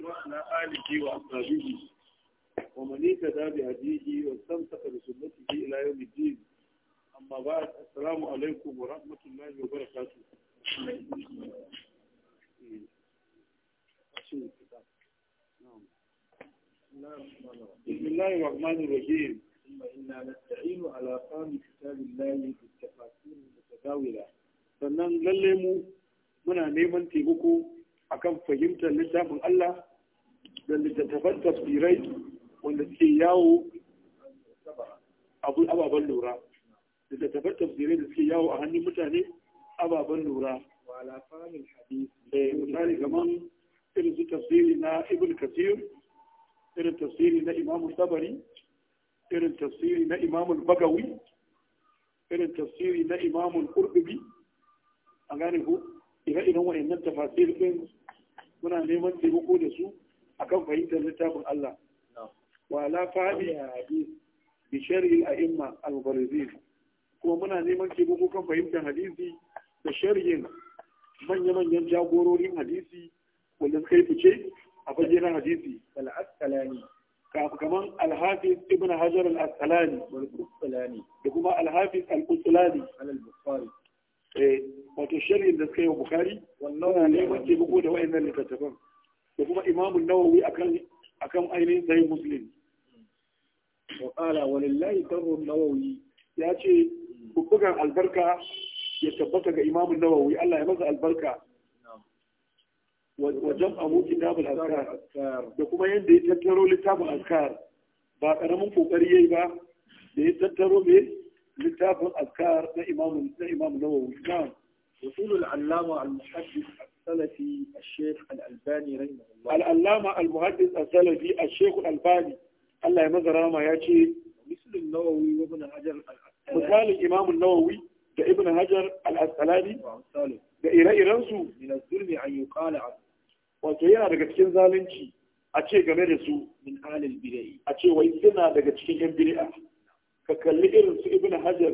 وعلى آله وأصحابه ومن اهتدى بهديه واستمسك بسنته إلى يوم الدين أما بعد السلام عليكم ورحمة الله وبركاته بسم الله الرحمن الرحيم ثم إنا نستعين على فهم كتاب الله بالتفاسير المتداولة sannan lalle mu muna neman taimako akan fahimtar littafin Allah da littattafan tafsirai wanda suke yawo ababen lura littattafan tafsirai da suke yawo a hannun mutane ababen lura eh, misali kamar irin su tafsiri na ibn kasir irin tafsiri na imamu sabari irin tafsiri na imamu bagawi irin tafsiri na imamu kurdubi a gane ku ire-iren wa'annan tafasir ɗin muna neman taimako da su akan fahimtar littafin Allah wa la fahimi hadis bi shar'i al-a'imma al-barizin kuma muna neman taimako kan fahimtar hadisi da sharhin manya-manyan jagororin hadisi wanda suka yi fice a fagen hadisi al-asqalani kaman al-hafiz ibn hajar al-asqalani da kuma al-hafiz al-qustilani al-bukhari Eh, wato shari'in da suka yi wa bukari wannan ne wacce bugo da wa'annan littattafan da kuma imamun nawawi akan kan ainihin sahih muslim wa qala walillahi darru nawawi ya ce bugan albarka ya tabbata ga imamun nawawi Allah ya masa albarka Wajen jam'ahu kitabul azkar da kuma yanda ya tattaro littafin azkar ba karamin kokari yayi ba da ya tattaro me littafin azkar na imamu na imamu nawawi na وصول العلامة المحدث السلفي الشيخ الألباني رحمه الله العلامة المحدث السلفي الشيخ الألباني الله يمزر ما يأتي مثل النووي وابن حجر الأسقلاني مثال الإمام النووي ده ابن حجر الأسقلاني ده إلى إرنسو من الظلم أن يقال عنه وتينا daga cikin zalunci a ce game da su min alil bidai a ce wai suna daga cikin yan bid'a ka kalli irin su ibn hajar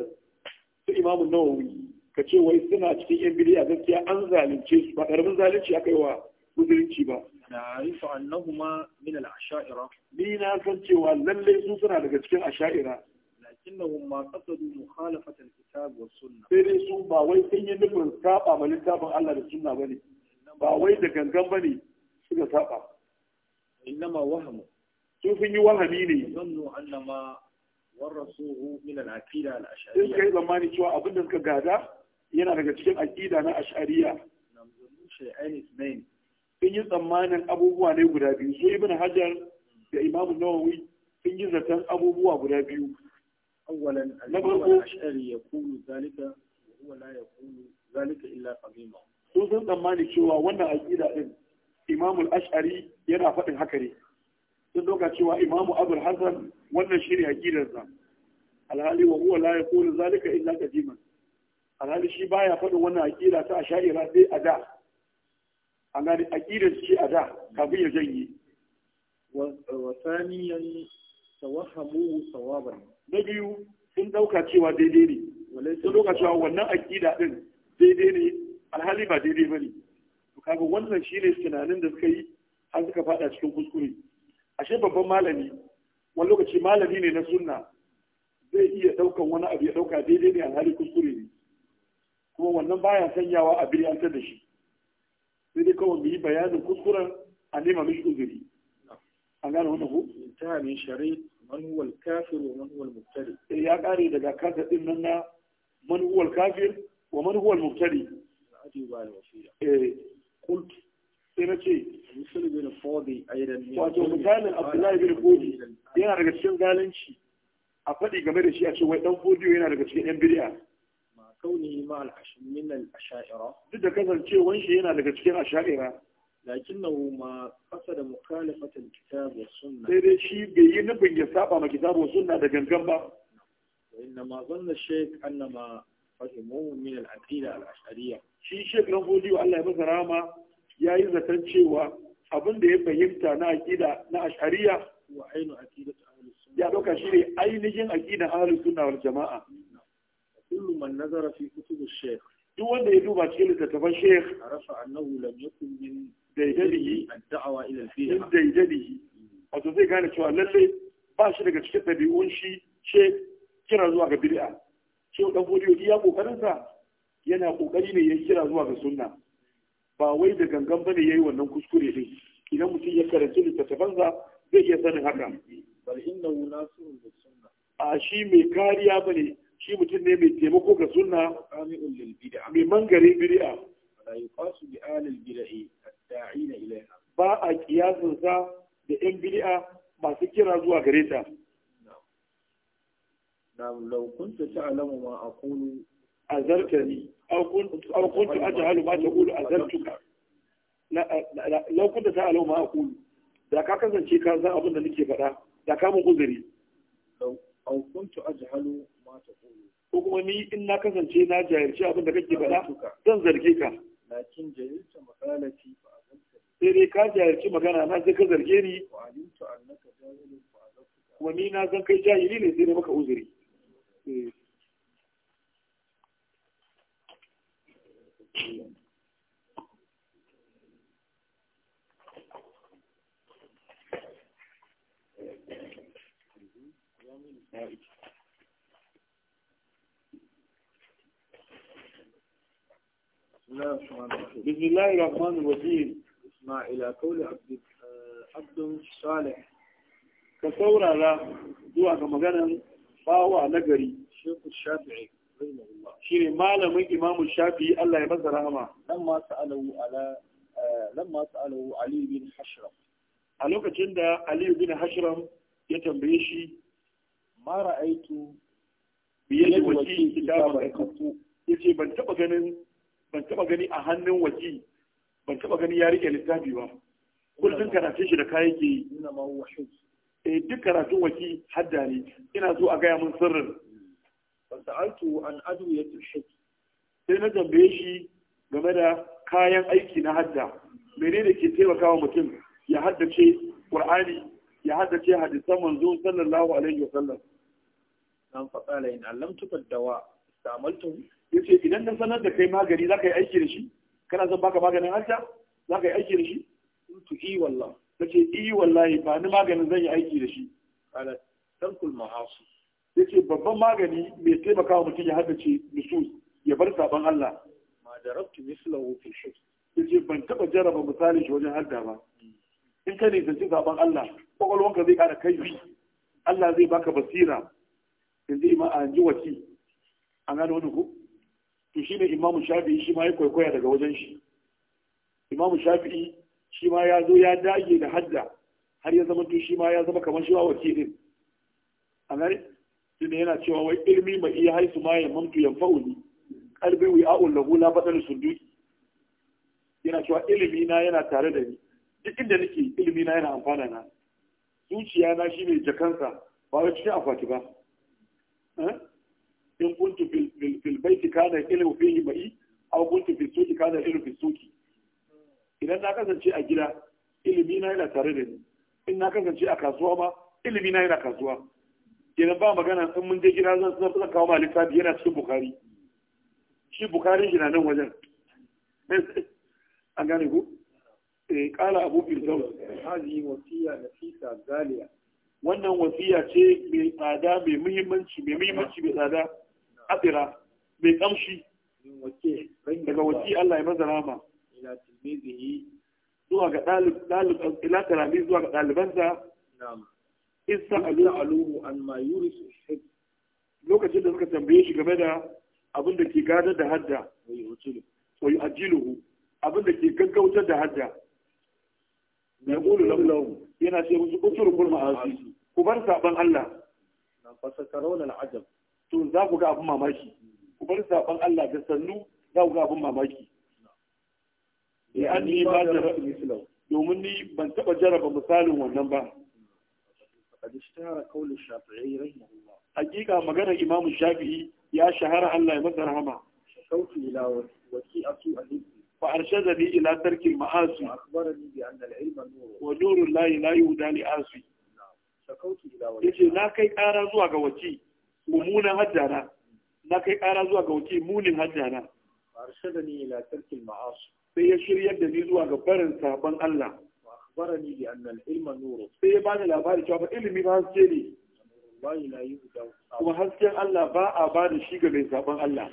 su imamu nawawi ka ce wai suna cikin yan bidiya gaskiya an zalunce su ba karamin zalunci aka yi wa musulunci ba na arifu annahuma min al-ash'ira ni na san cewa lalle sun suna daga cikin ash'ira lakinnahum ma qasadu mukhalafata al-kitab wa sunnah sai dai su ba wai sun yi nufin saba ma littafin Allah da sunna bane ba wai da gangan bane suka saba innama wahamu sun yi wahami ne zannu annama warrasuhu min al-aqida al-ash'ariyya in kai zamani cewa abin da suka gada yana daga cikin aqida na ash'ariyya sun yi tsammanin abubuwa ne guda biyu su ibn hajar da imamu nawawi sun yi zaton abubuwa guda biyu awwalan al-imam ashari yaqulu zalika huwa la yaqulu zalika illa qadima sun san tsammani cewa wannan aqida din imamul ash'ari yana faɗin haka ne sun doka cewa imamu abul hassan wannan shi ne hakidarsa alhali wa huwa la yaqulu zalika illa qadiman alhali shi baya faɗin wannan akida ta asha'ira sai a da an gani akidar shi a da kafin ya janye wa saniyan tawahhamu sawaban na biyu sun dauka cewa daidai ne sun dauka cewa wannan aƙida din daidai ne alhali ba daidai bane to kaga wannan shine tunanin da suka yi an suka faɗa cikin kuskure ashe babban malami wani lokaci malami ne na sunna zai iya ɗaukan wani abu ya ɗauka daidai ne alhali kuskure ne kuma wannan baya sanyawa a biryantar da shi sai dai kawai mu yi bayanin kuskuren a nema mishi uzuri an gane wannan ku ta min shari man huwa kafir wa man huwa mubtadi eh ya kare daga kasa din nan na man huwa kafir wa man huwa al-mubtadi eh qult sai na ce wato misalin abdullahi bin fodi yana daga cikin zalunci a faɗi game da shi a ce wai ɗan fodiyo yana daga cikin yan biriya? kauni ma al-ashmin al duk da kasancewan shi yana daga cikin ash'ira lakinnahu ma qasada mukhalafat al-kitab wa sunnah sai dai shi bai yi nufin ya saba ma kitab wa sunna da gangan ba inna ma zanna shaykh anna ma min al-aqida al-ash'ariyya shi shaykh ran godiyo Allah ya masa rama ya yi zaton cewa abinda ya fahimta na aƙida na ashariya ya ɗauka shi ne ainihin aƙida ahlus suna wal jama'a kullu man nazara fi duk wanda ya duba cikin littattafan shaykh arafa annahu lam yakun min daidadihi ad-da'wa ila al-fi'a zai gane cewa lalle ba shi daga cikin ɗabi'un shi ce kira zuwa ga bid'a shi dan godiyo ya kokarin yana kokari ne ya kira zuwa ga sunna ba wai da gangan bane yayi wannan kuskure din idan mutum ya karanci littattafansa zai iya sanin haka bal innahu nasirun bis sunna a shi mai kariya bane shi mutum ne mai taimako ga sunna qami'un lil bid'a mai mangare bid'a la yuqasu bi alil bid'i da'ina ilaiha ba a kiyasin sa da yan bid'a masu kira zuwa gare ta na'am law kunta ta'lamu ma aqulu azartani أو كنت أجهل ما تقول أزلتك لو كنت تعلم ما أقول da ka kasance ka abin da nake faɗa da ka uzuri ko kuma ni in na kasance na jahilci abin da kake faɗa zan zarge ka lakin ka jahilci magana na sai ka zarge ni kuma ni na zan kai jahili ne sai na maka uzuri بسم الله الرحمن الرحيم اسمع إلى قول عبد عبد صالح كثورا لا دوها كمغانا فهو نقري شيخ الشافعي Shi ne malamin imamu shafi Allah ya masa rahama lamma sa'alahu ala eh, lamma sa'alahu ali bin hashram a lokacin da ali bin hashram ya tambaye shi ma ra'aitu biyan waki kitabar kafu yace ban taba ganin ban taba gani a hannun waki ban taba gani ya rike littafi ba kullum karatun shi da kayan ke yi eh duk karatun waki hadda ne ina so a gaya mun sirrin fasa'altu an adwiyatul hajj sai na tambaye shi game da kayan aiki na hadda menene ke taimakawa mutum ya haddace qur'ani ya haddace hadisan manzo sallallahu alaihi wasallam dan faqala in allamtuka dawa istamaltu yace idan na sanar da kai magani zaka yi aiki da shi kana son baka maganin hajja zaka yi aiki da shi to i wallahi nace i wallahi ba ni maganin zan yi aiki da shi qala tarkul ma'asi Yake babban magani mai taimaka wa mutum ya haddace nusus ya bar sabon Allah ma darabtu mislahu fi shirk yace ban taba jaraba misalin shi wajen hadda ba in ka ne zance sabon Allah kwakwalwanka zai kara kaifi Allah zai baka basira yanzu ma a ji wasi an gane wani ku to shine imamu shafi'i shi ma ya kwaikwaya daga wajen shi imamu shafi'i shi ma ya zo ya dage da hadda har ya zama to shi ma ya zama kamar shi ma wasi din an gane tunda yana cewa wai ilmi mai iya haisu ma ya mamtu ya fa'uli kalbi wi'a'un na la su sunduki yana cewa ilmi na yana tare da ni duk inda nake ilmi na yana amfana na zuciya na shine jakansa ba wai cikin akwati ba eh? in kuntu fil baiti kana ilmu fihi ma'i aw kuntu fil suqi kana ilmu fil suqi idan na kasance a gida ilmi na yana tare da ni in na kasance a kasuwa ma ilmi na yana kasuwa kenan ba magana in mun je gida zan zan kawo ma littafi yana cikin bukari shi bukari shi nan wajen an gane ku eh kala abu firdaus hazi wasiya nafisa galiya wannan wasiya ce mai tsada mai muhimmanci mai muhimmanci mai tsada asira mai kamshi daga wasi Allah ya maza rama ila tilmizihi zuwa ga dalib dalib ila tilmizi zuwa ga dalibansa na'am isa alina aluhu an ma yurisu lokacin da suka tambaye shi game da abin da ke gadar da hadda wa yu'ajjiluhu abin da ke gaggautar da hadda mai qulu lahum yana ce musu a su ku bar saban Allah na fasa karon al'ajab to za ku ga abin mamaki ku bar saban Allah da sannu za ku ga abin mamaki ya anni ba da domin ni ban taba jaraba misalin wannan ba hadisi haƙiƙa maganar imam shafi'i ya shahara Allah ya masa rahama sauti ila waki asu ila tarkil ma'asi wa akhbarani bi na kai ƙara zuwa ga na kai ƙara zuwa ga waki munin hajjana sai ya shiryar da ni zuwa ga barin sabon Allah akhbarani bi anna al-ilma nuru sai ya bani labari cewa ilimi ba haske ne kuma hasken Allah ba a ba da shi ga mai Allah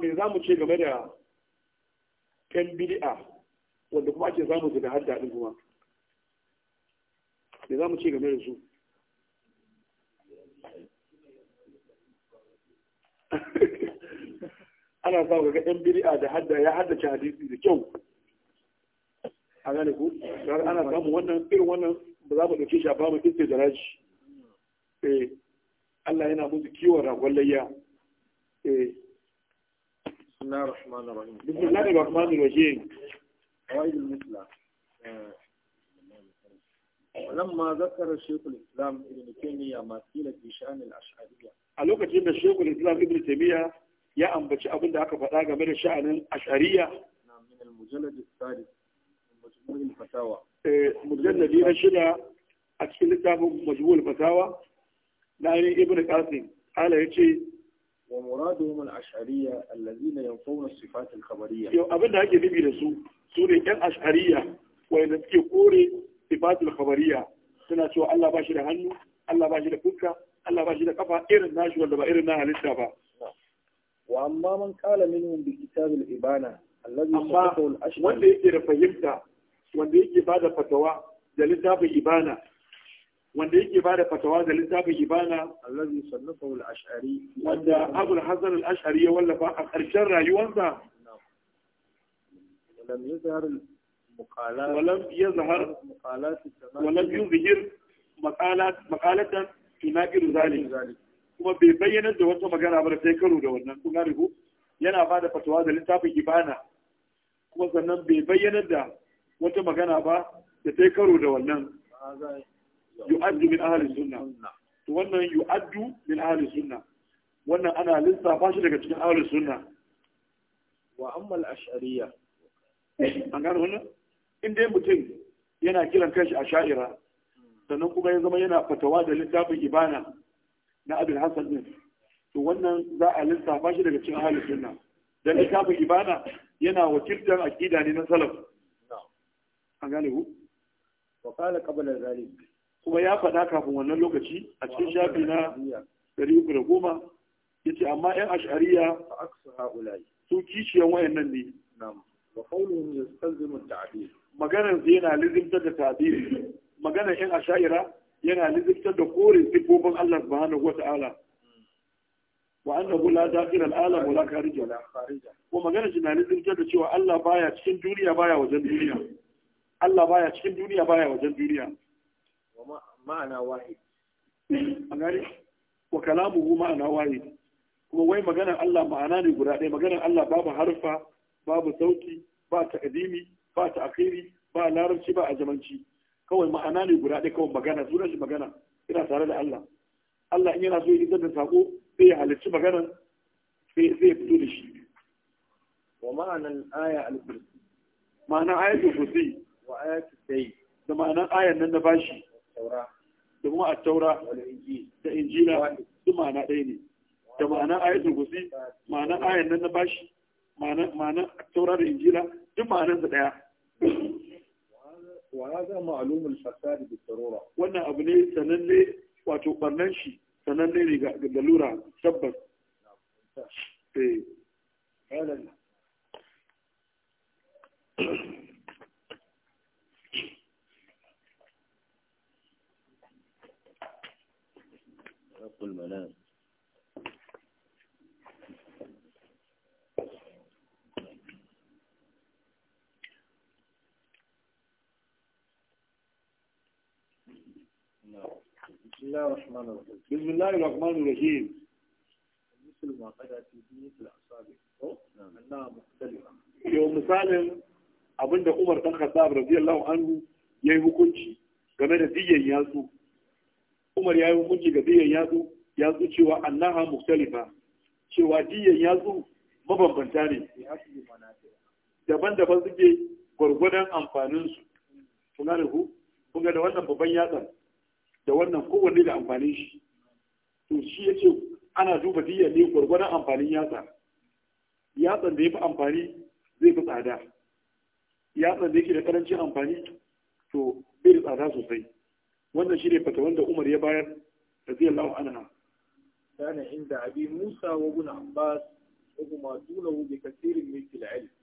me za mu ce game da ƴan bid'a wanda kuma ake zamu su da har daɗin kuma me za mu ce game da su ana sa ga ɗan biri'a da hadda ya haddace hadisi da kyau a gane ku ana samun wannan irin wannan ba za mu ɗauke shi a ba mu kiste da raji eh Allah yana musu kiwon ragon layya eh bismillahir rahmanir rahim ولما ذكر الاسلام ابن تيميه ما قيل في شان الاشعريه. على وقت الشيخ الاسلام ابن تيميه يا أم أمبتش أبن داك فتاك من الشأن الأشعرية نعم من المجلد الثالث مجموع الفتاوى مجلد الشدى أتكلم لتاب مجموع الفتاوى نعم ابن قاسم قال يتشي ومرادهم الأشعرية الذين ينفون الصفات الخبرية يو أبن داك يبي رسول سوري كان أشعرية وإن تكوري صفات الخبرية سنة شو الله باشر هنو الله باشر كوكا الله باشر كفا إرنا شو الله إرنا هلسة فا wa amma man qala minhum bi kitabil ibana alladhi sahhahu al-ashhar wanda yake da fahimta wanda yake bada fatawa da littafin ibana wanda yake da littafin ashari ya wallafa a ƙarshen rayuwarsa ولم يظهر المقالات ولم يظهر مقالات ولم يظهر kuma bai bayyanar da wata magana ba da sai karo da wannan Kuma gane yana ba da fatawa da littafin ibana kuma sannan bai bayyanar da wata magana ba da sai karo da wannan yu'addu min ahli sunna to wannan yu'addu min ahli sunna wannan ana lissafa shi daga cikin ahli sunna wa amma al-ash'ariyya an gano wannan in dai mutum yana kiran kanshi ash'arira sannan kuma ya zama yana fatawa da littafin ibana na abin hasan din to wannan za a lissafa shi daga cikin ahalin sunna dan littafin ibada yana wakiltar aqida ne na salaf an gane ku wa qala qabla zalik kuma ya faɗa kafin wannan lokaci a cikin shafi na dari goma. yace amma yan ash'ariya aksu haula'i su kishiyan wayannan ne na'am wa qawluhum yastalzimu at-ta'dil maganar yana lizimtar da ta'dil maganar yan ashariya yana liziktar da kore sifofin Allah subhanahu wata'ala wa annahu la dakhira al-alam wa la kharija ko magana shi na liziktar da cewa Allah baya cikin duniya baya wajen duniya Allah baya cikin duniya baya wajen duniya ma'ana wahid a gari wa kalamuhu ma'ana wahid kuma wai magana Allah ma'ana ne guda ɗaya maganar Allah babu harfa babu sauti ba ta'zimi ba ta'khiri ba larabci ba ajamanci kawai ma'ana ne guda ɗaya kawai magana sunan shi magana ina tare da Allah Allah in yana so ya izar da sako sai ya halarci magana sai ya fito da shi wa ma'anan aya al-kursi ma'anan ayatul kursi wa ayatul sai da ma'anan ayan nan na bashi da kuma a taura da injila duk ma'ana ɗaya ne da ma'anan ayatul kursi ma'anan ayan nan na bashi ma'anan taura da injila duk ma'anan su ɗaya وهذا معلوم الفساد بالضرورة وانا ابني سنني واتو برنشي سنني للورة تبس ايه فعلا رب المنام بسم الله الرحمن الرحيم بسم الله الرحمن الرحيم مثل ما قد في دينية الأصابع مختلفه يوم مثال abin da Umar ɗan Khattab radiyallahu anhu ya yi hukunci game da diyan yatsu Umar ya yi hukunci ga diyan yatsu yatsu cewa annaha muktalifa cewa diyan yatsu mabambanta ne daban-daban suke gwargwadon amfanin su kuna da ku kuma da wannan babban yatsan da wannan kowanne da amfanin shi to shi ya ce ana duba diya ne gwargwadon amfanin yatsa yatsan da ya fi amfani zai fi tsada yatsan da yake da karancin amfani to bai da tsada sosai wannan shi ne fata wanda umar ya bayar da zai lawa ana kana inda abi musa wa ibn abbas kasirin دونه بكثير من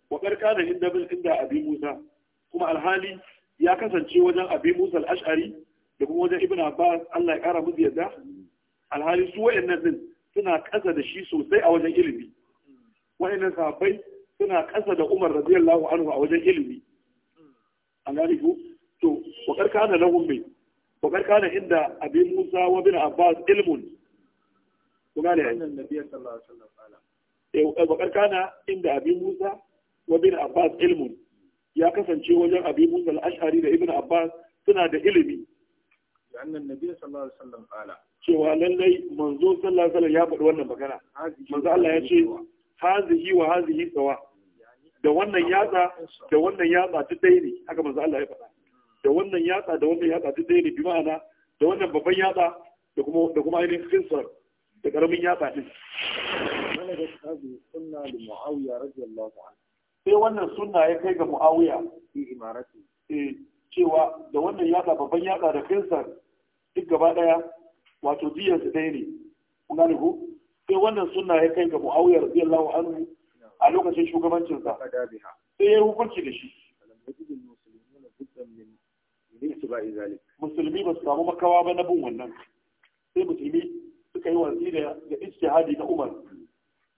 wa karkana inda bin inda abi Musa, kuma alhali ya kasance wajen abi musa ashari. da kuma wajen ibn abbas Allah ya kara musu yadda alhali su wayannan din suna kasa da shi sosai a wajen ilimi wayannan sahabbai suna kasa da umar radiyallahu anhu a wajen ilimi an gane ku to wa karkana lahum bi wa karkana inda abin musa wa bin abbas ilmun ku gane ai annabi sallallahu alaihi wasallam eh wa karkana inda abin musa wa bin abbas ilmun ya kasance wajen abin musa al-ash'ari da ibn abbas suna da ilimi annan nabi sallallahu cewa lallai manzo sallallahu alaihi ya faɗi wannan magana manzo Allah ya ce hazihi da wannan yatsa da wannan yatsa ta dai haka manzo Allah ya faɗa da wannan yatsa da wannan yatsa ta dai bi ma'ana da wannan babban yatsa da kuma da kuma ainihin kinsar da karamin yatsa din sai wannan sunna ya kai ga muawiya fi imarati eh cewa da wannan yatsa babban yatsa da kinsar duk gaba daya wato biyan su dai ne kun gane ko sai wannan sunna ya kai ga Muawiya radiyallahu anhu a lokacin shugabancin sa sai ya hukunci da shi musulmi ba su samu makawa ba na bin wannan sai musulmi suka yi wasi da ijtihadi na Umar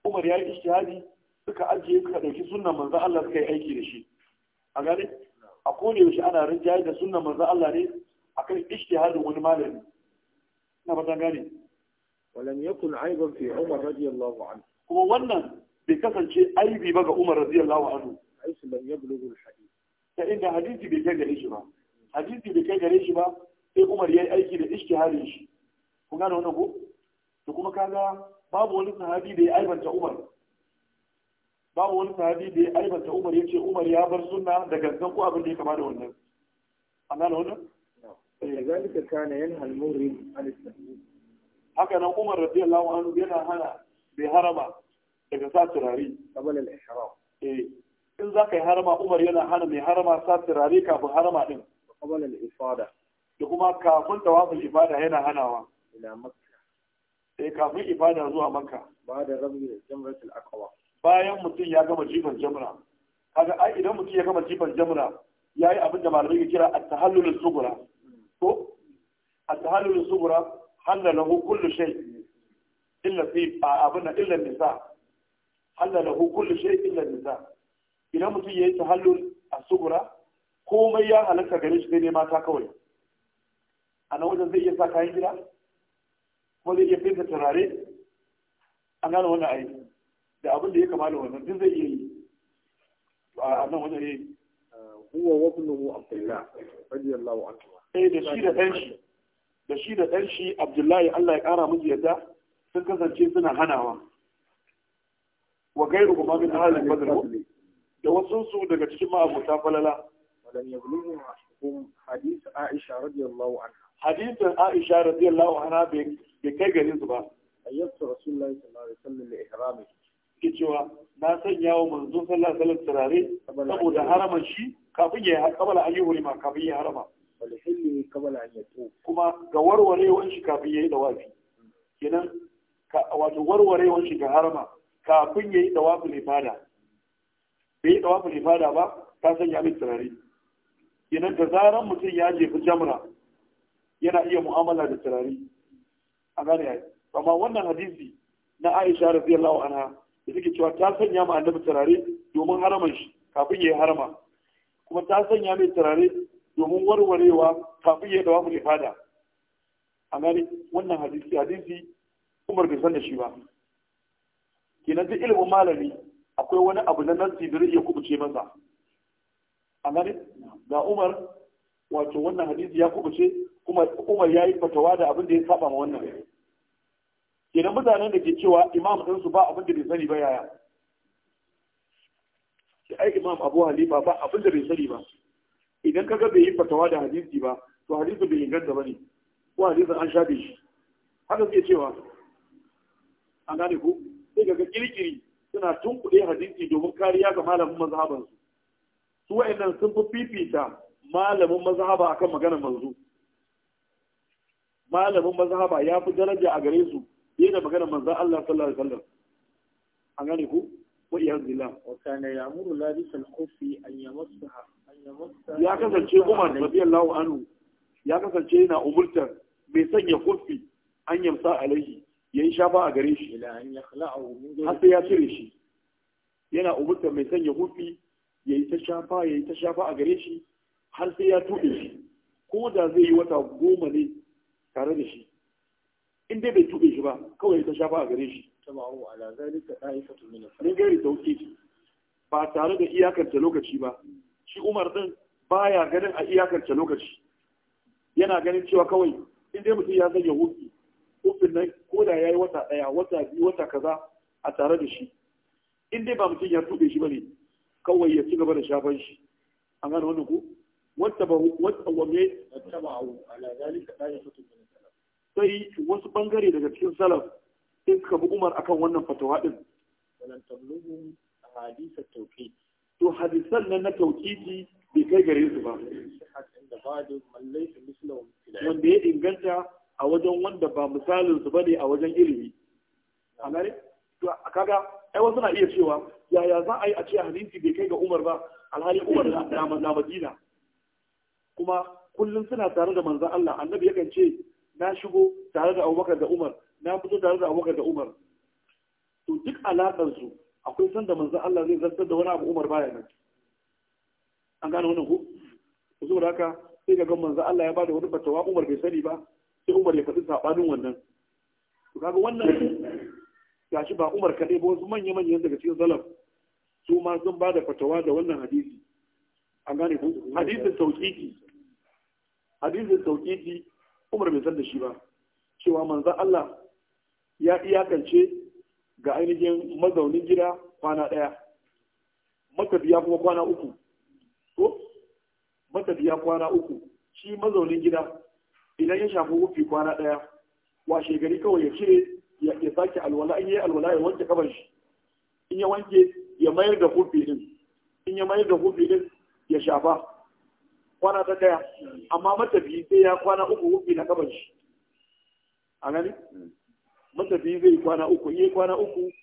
Umar ya yi ijtihadi suka ajiye suka ɗauki sunnan manzon Allah suka yi aiki da shi a gane a kodayaushe ana rinjaye da sunnan manzon Allah ne akan ijtihadin wani malami ina fatan gane walam yakun aiban fi umar radiyallahu anhu kuma wannan bai kasance aibi ba ga umar radiyallahu anhu aisu lam yablughu alhadith ta inda hadisi bai kai gare shi ba hadisi bai kai gare shi ba sai umar yayi aiki da ijtihadin shi kun gane wannan ko to kuma kaga babu wani sahabi da ya aibanta umar babu wani sahabi da ya aibanta umar yace umar ya bar sunna da gangan ko abin da ya kama da wannan an gane wannan لذلك كان ينهى المغرب عن التحليل haka nan Umar radiyallahu anhu yana hana bai harama daga sa turare kamar al-ihram eh in za ka yi harama Umar yana hana mai harama sa turare kafin harama din kamar al-ifada da kuma kafin tawaful ibada yana hanawa ila makka eh kafin ibada zuwa makka ba da rabbi jamratul aqwa bayan mutum ya gama jifan jamra kaga ai idan mutum ya gama jifan jamra yayi abin da malamai ke kira at-tahallul sughra ko a tahalul zubura halalahu kullu shay illa fi abuna illa nisa halalahu kullu shay illa nisa idan mutum yayi tahallul asubura komai ya halaka gare shi ne mata kawai a nan wajen zai iya sa kayan gida ko zai iya fesa turare a gane wannan aiki da abin da ya kamata wannan duk zai iya yi a nan wajen yayi eh. huwa wabnuhu abdullah radiyallahu anhu da shi da dan shi abdullahi Allah ya kara musu yadda sun kasance suna hanawa wa gairu kuma min halin badr da wasu su daga cikin ta falala walan hadith Aisha radiyallahu anha Aisha bai kai garin su ba ayyatu rasulullahi sallallahu alaihi wasallam li cewa na sanya wa sallallahu alaihi wasallam turare saboda haramun shi kafin ya kabala an yi hurima kafin ya harama wal hilli kabala an yato kuma ga warwarewan shi kafin ya yi dawafi kenan wato warwarewan shi ga harama kafin ya yi dawafin ibada bai yi dawafin ibada ba ta sanya mai turare kenan da zaran mutum ya jefi jamra yana iya mu'amala da turare a gane ya amma wannan hadisi na Aisha radiyallahu anha da take cewa ta sanya ma annabi turare domin haraman shi kafin ya yi harama kuma ta sanya mai turare domin warwarewa kafin ya dawa mai fada a gani wannan hadisi hadisi umar bai san da shi ba kenan duk ilimin malami akwai wani abu na nasi da zai iya kubuce masa a gani ga umar wato wannan hadisi ya kubuce kuma umar ya yi fatawa da abin da ya saba ma wannan kenan mutanen da ke cewa imam ɗinsu ba abin da bai sani ba yaya da ai imam abu halifa ba abin da bai sani ba idan kaga bai yi fatawa da hadisi ba to hadisi bai inganta ba ne ko hadisin an shafe shi haka zai cewa an gane ku sai kaga kirkiri suna tunkuɗe hadisi domin kariya ga malamin mazhaban su wa'annan sun fi fifita malamin mazhaba akan maganar manzo malamin mazhaba ya fi daraja a gare su yana magana maganar Allah sallallahu alaihi wasallam an gane ku wa billah wa kana ya'muru labis al an yamassaha an yamassaha ya kasance Umar radiyallahu anhu ya kasance yana umurtar mai sanya khuffi an yamsa alaihi yayi shafa a gare shi ila an yakhla'u min har sai ya cire shi yana umurtar mai sanya khuffi yayi ta shafa yayi ta shafa a gare shi har sai ya tuɗe shi ko da zai yi wata goma ne tare da shi in dai bai tuɗe shi ba kawai ta shafa a gare shi taba'u ala zalika da'ifatu min min gairi tawqiti ba tare da ta lokaci ba shi Umar din baya ganin a ta lokaci yana ganin cewa kawai in dai mutum ya zage hufi hufin nan ko da yayi wata daya wata biyu wata kaza a tare da shi in dai ba mutum ya tube shi bane kawai ya ci gaba da shafan shi an gane wannan ku wata ba wata wa me taba'u ala zalika da'ifatu min sai wasu bangare daga cikin salaf in suka bi umar akan wannan fatawa din walan tabluhu ahadith at tawqi to hadisan nan na tawqidi bai kai gare su ba wanda ya inganta a wajen wanda ba misalin su bane a wajen ilimi a gare to kaga ai wasu na iya cewa yaya za a yi a ce hadisi bai kai ga Umar ba alhali Umar na Madina kuma kullum suna tare da manzon Allah annabi yakan ce na shigo tare da Abubakar da Umar na fito tare da abubakar da umar to duk alaƙarsu akwai sanda manzan Allah zai zartar da wani abu umar baya nan an gane wannan ku ku saboda haka sai ga manzan Allah ya bada wani fatawa umar bai sani ba sai umar ya faɗi saɓanin wannan to kaga wannan gashi ba umar kaɗai ba wasu manya-manyan daga cikin salaf su ma sun ba da fatawa da wannan hadisi an gane ku hadisin sauƙiƙi hadisin sauƙiƙi umar bai san da shi ba cewa manzan Allah ya iyakance ga ainihin mazaunin gida kwana ɗaya matafiya kuma kwana uku ko matafiya kwana uku shi mazaunin gida idan ya shafi wufi kwana ɗaya washe gari kawai ya cire ya sake alwala in yi alwala ya wanke kaban shi in ya wanke ya mayar da wufi din in ya mayar da wufi din ya shafa kwana ta ɗaya amma matafi sai ya kwana uku wufi na kaban shi a gani matafi zai kwana uku yi kwana uku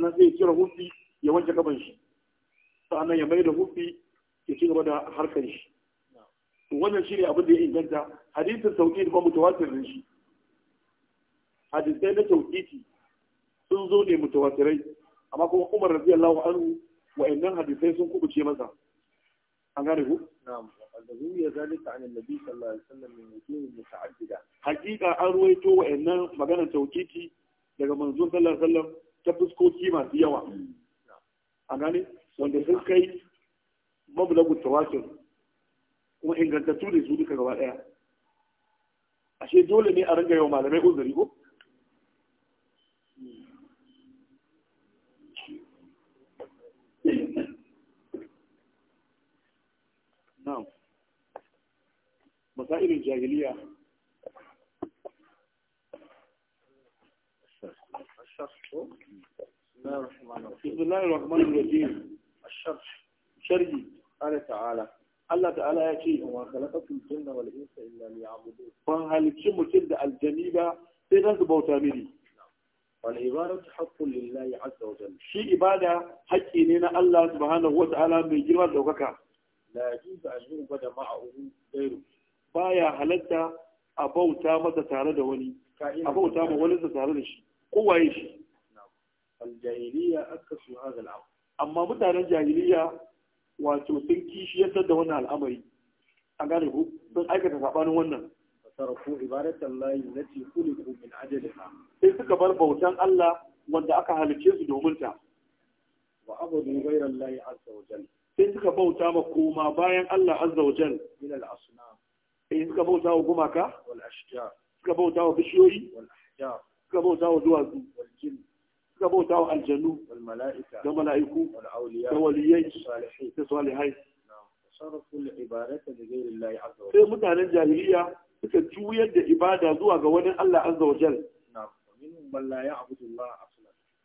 nan zai kira hufi ya wanke gaban shi nan ya mai da hufi ya ci gaba da harkar shi wannan shi ne abin da ya inganta hadisin sauƙi da kuma mutawatir shi hadisai na sauƙi sun zo ne mutawatirai amma kuma umar radiyallahu anhu wa'annan hadisai sun kubuce masa an gane ku na'am روي ذلك عن النبي صلى الله عليه وسلم من وجوه متعددة حقيقة أرويت وإن مجانا توكيتي daga manzon sallallahu alaihi wasallam ta fuskoki masu yawa a gane wanda sun kai mablagu tawatur kuma ingantattu da su duka gaba daya ashe dole ne a ringa yau malamai uzuri ko masailin jahiliya بسم الله الرحمن الرحيم الشرح شرحي قال تعالى الله تعالى يا شيء وما خلقت الجن والانس الا ليعبدون فهلكي متل الجنيبه sai zan su bauta mini wal ibadatu haqqun lillahi azza shi ibada haƙƙi ne na Allah subhanahu ta'ala mai girma da daukaka la yajuzu an yu'bada ma'ahu ghayru baya halatta a bauta masa tare da wani a bauta ma wani sa tare da shi Ko waye shi aljahiliya akasu hadha al'am amma mutanen jahiliya wato sun kishiyar da wannan al'amari A gane ku sun aikata sabanin wannan sarfu ibadatan lahi lati khuliqu min ajaliha sai suka bar bautan Allah wanda aka halice su domin ta wa abudu ghayra Allah azza wa jalla sai suka bauta ma koma bayan Allah azza wa jalla min al-asnam in eh, suka bauta wa gumaka suka bauta wa bishiyoyi suka bauta wa duwatsu suka bauta wa aljanu da mala'iku da waliyai da salihai sai mutanen jahiliya suka juyar da ibada zuwa ga wani Allah an wa jal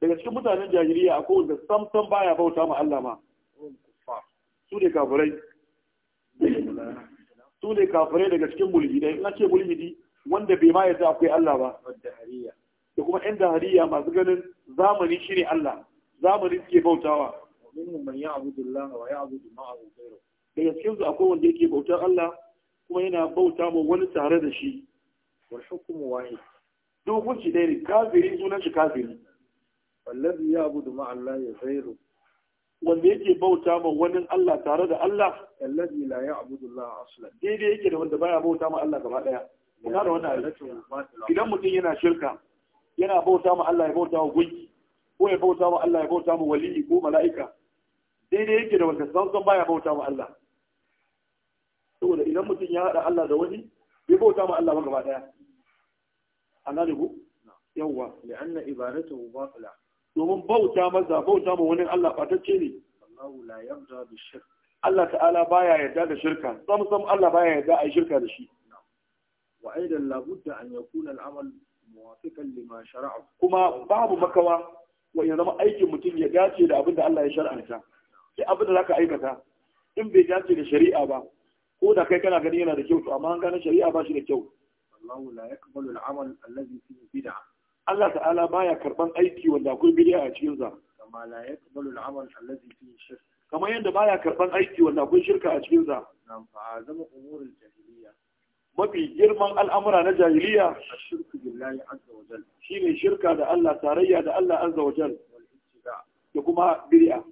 daga cikin mutanen jahiliya akwai wanda samsan baya bauta ma Allah ma su ne kafirai su ne kafirai daga cikin mulhidai na ce mulhidi wanda bai ma yadda akwai Allah ba da kuma yan dahariya masu ganin zamani shi ne Allah zamani suke bautawa daga cikin su akwai wanda yake bautar Allah kuma yana bauta mu wani tare da shi wal hukmu wahid duk hukunci dai ne kafiri sunan shi kafiri wallazi ya'budu ma'a Allah ya wanda yake bauta ma wani Allah tare da Allah allazi la ya'budu Allah daidai yake da wanda baya bauta ma Allah gaba daya kuna da wannan idan mutum yana shirka yana bauta ma Allah ya bauta wa gunki ko ya bauta ma Allah ya bauta ma wali'i ko mala'ika daidai yake da wanda san san baya bauta ma Allah saboda idan mutum ya haɗa Allah da wani bai bauta ma Allah ba gaba daya an gane ku yawwa li'anna ibadatuhu batila domin bauta maza bauta ma wani Allah fatacce ne Allahu la yarda Allah ta'ala baya yarda da shirka sam sam Allah baya yarda a shirka da shi wa aidan la budda an yakuna al-amal muwafiqan lima shara'a kuma babu makawa wa ya zama aikin mutum ya dace da abin da Allah ya shar'anta sai abin da zaka aikata in bai dace da shari'a ba ko da kai kana gani yana da kyau to amma an gane shari'a ba shi da kyau Allahu la yaqbalu al-amal alladhi fihi bid'ah Allah ta'ala baya karban aiki wanda akwai bid'a a cikin sa kama la yaqbalu al-amal allazi fihi shirk kama yanda baya karban aiki wanda akwai shirka a cikin sa nan fa azama umur al-jahiliya mafi girman al'amura na jahiliya shirku billahi azza wa jalla shine shirka da Allah tarayya da Allah azza wa jalla da kuma bid'a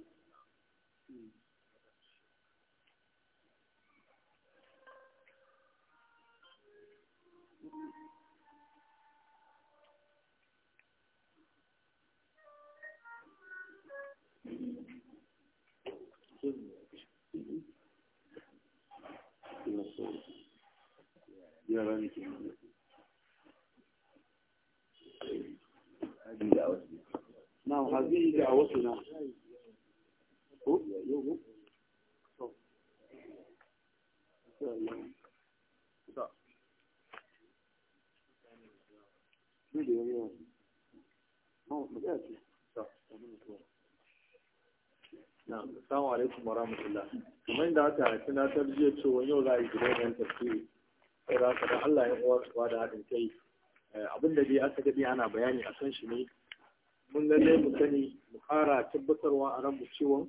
da a wasu Assalamu alaikum wa rahmatullah. Kamar da aka tunatar jiya cewa yau za a yi gidan tafsiri. Sai da Allah ya uwa da haɗin kai eh, abin da dai aka daɗe ana bayani a kan shi ne mun lalle mu sani ƙara tabbatarwa a ranmu ciwon?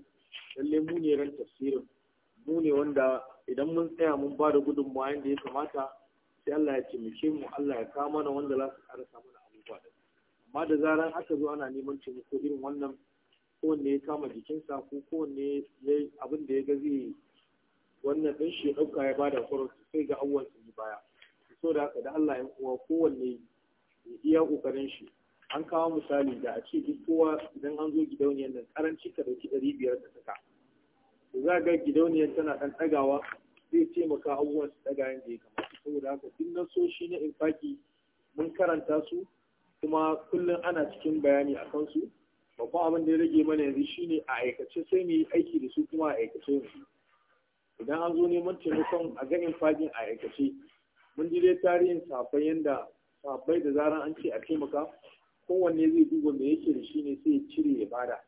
lalle mu ne ran tafsirin mu ne wanda idan mun tsaya mun ba da gudunmawa yadda ya kamata sai Allah ya taimake mu Allah ya kawo mana wanda za su ƙarasa mana abubuwa da amma da zarar aka zo ana neman taimako irin wannan kowanne ya kama jikinsa ko kowanne ya abin da ya ga zai wannan ɗin shi ɗauka ya bada kwarar sai ga abubuwan su baya so da haka da Allah ya kowanne ya iya ƙoƙarin shi an kawo misali da a ce duk kowa idan an zo gidauniyar nan karanci ka dauki ɗari biyar da saka to za ga gidauniyar tana ɗan ɗagawa zai taimaka abubuwan su ɗaga da ya kamata saboda haka duk shi na infaki mun karanta su kuma kullum ana cikin bayani a kansu babban abin da ya rage mana yanzu shine a aikace sai mu yi aiki da su kuma a aikace mu idan an zo neman taimakon a ga infakin a aikace mun ji dai tarihin safai yanda safai da zaran an ce a taimaka kowanne zai duba mai yake da shi ne sai ya cire ya bada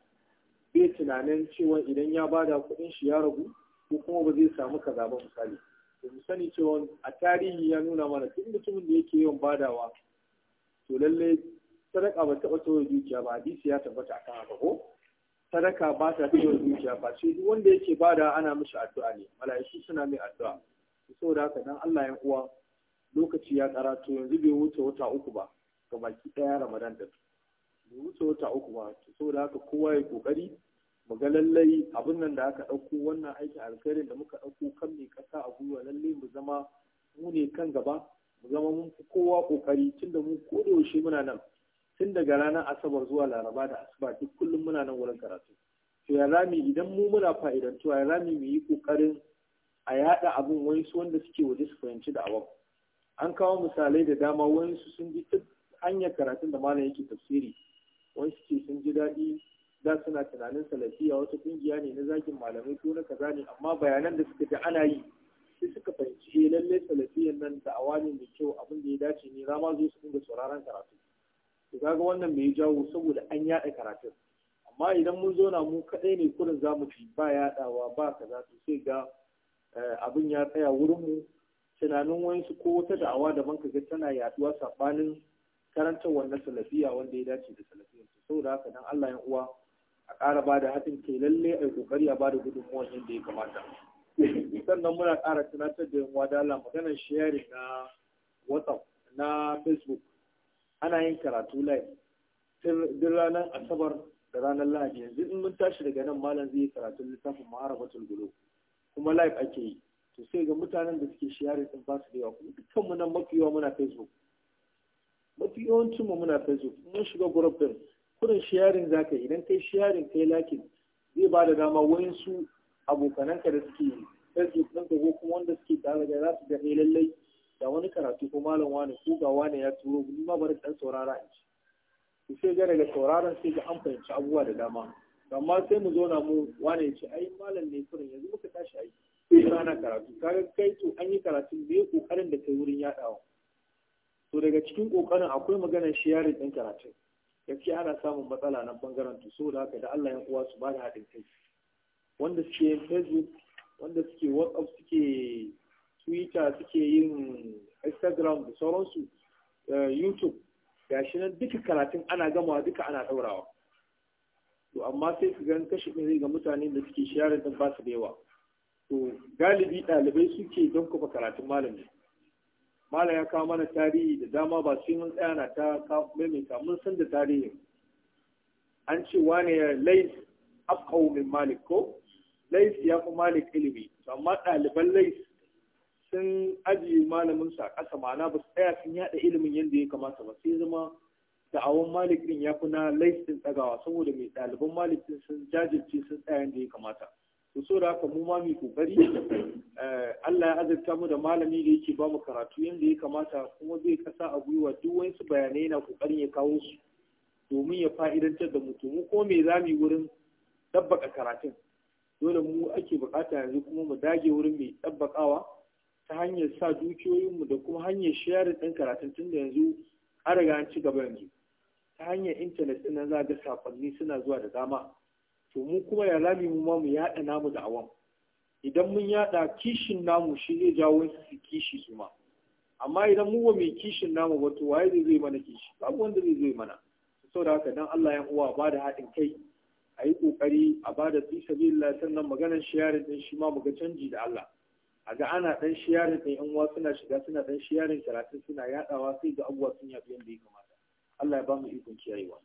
bai tunanin cewa idan ya bada kuɗin shi ya ragu ko kuma ba zai samu kaza ba misali to mu sani cewa a tarihi ya nuna mana duk mutumin da yake yawan badawa to lalle sadaka ba taɓa tsawon dukiya ba hadisi ya tabbata akan haka ko sadaka ba ta tsawon dukiya ba sai duk wanda yake bada ana mishi addu'a ne mala'iku suna mai addu'a saboda haka dan Allah ya uwa lokaci ya karato yanzu bai wuce wata uku ba ga baki ɗaya ramadan da su wuce wata uku ba da haka kowa ya kokari mu ga lallai abin nan da aka ɗauko wannan aikin alkhairin da muka ɗauko kan mai ƙasa a gwiwa lallai mu zama mu ne kan gaba mu zama mun fi kowa kokari tunda mu ko da yaushe muna nan tun daga ranar asabar zuwa laraba da asuba duk kullum muna nan wurin karatu to ya rami idan mu muna fa'idantuwa ya rami mu yi kokarin a yada abin wani su wanda suke waje su fahimci da awam an kawo misalai da dama wani su sun ji duk hanyar karatun da malam yake tafsiri wasu ce sun ji daɗi da suna tunanin salafiya wasu kungiya ne na zagin malamai ko na kaza ne amma bayanan da suka ji ana yi sai suka fahimci eh lallai salafiyan nan da ne mai kyau abin da ya dace ne za ma zo su dinga sauraron karatu to kaga wannan mai jawo saboda an yaɗa karatun amma idan mun zo na mu kaɗai ne kurin za mu ci ba yaɗawa ba kaza to sai ga eh, abin ya tsaya wurin mu tunanin wasu ko wata da'awa daban kaga tana yaɗuwa saɓanin karantarwar na salafiya wanda ya dace da salafiyar su saboda haka dan Allah ya uwa a ƙara ba da haɗin kai lalle a kokari a ba da gudunmuwan yadda ya kamata sannan muna ƙara tunatar da yan da Allah maganar sharing na WhatsApp na Facebook ana yin karatu live duk ranar Asabar da ranar Lahadi yanzu in mun tashi daga nan malam zai yi karatun littafin Maharabatul gulo kuma live ake yi to ga mutanen da suke sharing din ba su da yawa kuma dukkanmu mu nan mafi yawa muna Facebook mafi yawancin mu muna facebook mun shiga group din kurin sharing zaka idan kai sharing kai lakin zai ba da dama wayansu abokananka da suke facebook ɗinka ko kuma wanda suke tare da za su ga lallai da wani karatu ko malam wani ko ga wani ya turo ni ma bari dan saurara in ci sai ga daga sauraron sai ga an fahimci abubuwa da dama amma sai mu zauna mu wani ya ce ai malam ne kurin yanzu muka tashi ai sai rana karatu kaga kai to an yi karatu bai kokarin da kai wurin yadawa to daga cikin kokarin akwai maganar yare din karatu gaskiya ana samun matsala na bangaren to saboda haka da Allah ya kuwa su ba da haɗin kai wanda suke yin facebook wanda suke whatsapp suke twitter suke yin instagram da sauransu eh, youtube gashi nan duka karatun ana gamawa duka ana daurawa to amma sai su gan kashi ɗin zai ga mutane da suke shi yare din ba su da yawa to galibi ɗalibai suke don kafa karatun malami mala ya kawo mana tarihi da dama ba shi mun tsaya na ta maimaita mun san da tarihin an ce wane ya lais afkawo min malik ko lais ya fi malik ilimi amma ɗaliban lais sun ajiye malamin sa ƙasa ma'ana ba su tsaya sun yaɗa ilimin yadda ya kamata ba sai zama da awon malik ɗin ya fi na lais ɗin tsagawa saboda mai ɗaliban malik din sun jajirce sun tsaya yadda ya kamata to so da haka mu ma mu kokari eh, Allah ya azurta mu da malami da yake ba mu karatu yanda ya kamata kuma zai kasa a gwiwa duk wani bayanai na kokarin ya kawo su domin ya fa'idantar da mu mu ko me zamu yi wurin dabbaka karatun dole mu ake bukata yanzu kuma mu dage wurin mai dabbakawa ta hanyar sa dukiyoyinmu da kuma hanyar shayar ɗin karatun tun da yanzu an riga an ci gaba yanzu ta hanyar intanet ɗin nan za ga sakonni suna zuwa da dama to mu kuma ya rami mu ma mu yaɗa namu da awam idan mun yada kishin namu shi zai jawo su kishi su ma amma idan mu ba mai kishin namu ba to waye zai zai mana kishi babu wanda zai zai mana saboda haka dan Allah ya uwa ba da haɗin kai a yi ƙoƙari a ba da fi sabilillah sannan maganar shiyarin din shi ma mu ga canji da Allah a ga ana dan shiyarin din yan uwa suna shiga suna dan shiyarin karatu suna yaɗawa sai ga abuwa sun yafi yanda ya kamata Allah ya ba mu ikon kiyayewa